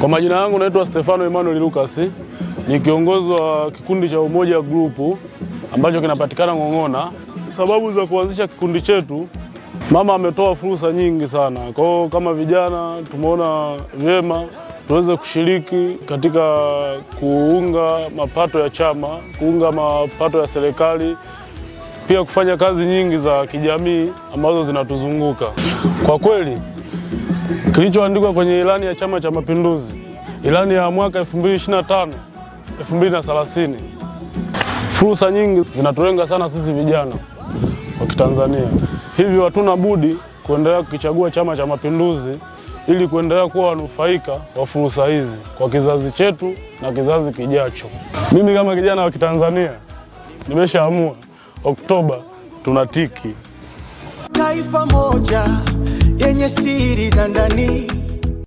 Kwa majina yangu naitwa Stefano Emmanuel Lucas, ni kiongozi wa kikundi cha Umoja Group ambacho kinapatikana Ng'ong'ona. Sababu za kuanzisha kikundi chetu, mama ametoa fursa nyingi sana. Kwa kama vijana tumeona vyema tuweze kushiriki katika kuunga mapato ya chama, kuunga mapato ya serikali, pia kufanya kazi nyingi za kijamii ambazo zinatuzunguka. Kwa kweli kilichoandikwa kwenye ilani ya Chama cha Mapinduzi, ilani ya mwaka 2025 2030. Fursa nyingi zinatulenga sana sisi vijana wa Kitanzania, hivyo hatuna budi kuendelea kukichagua Chama cha Mapinduzi ili kuendelea kuwa wanufaika wa fursa hizi kwa kizazi chetu na kizazi kijacho. Mimi kama kijana wa Kitanzania nimeshaamua, Oktoba tunatiki. Taifa moja yenye siri za ndani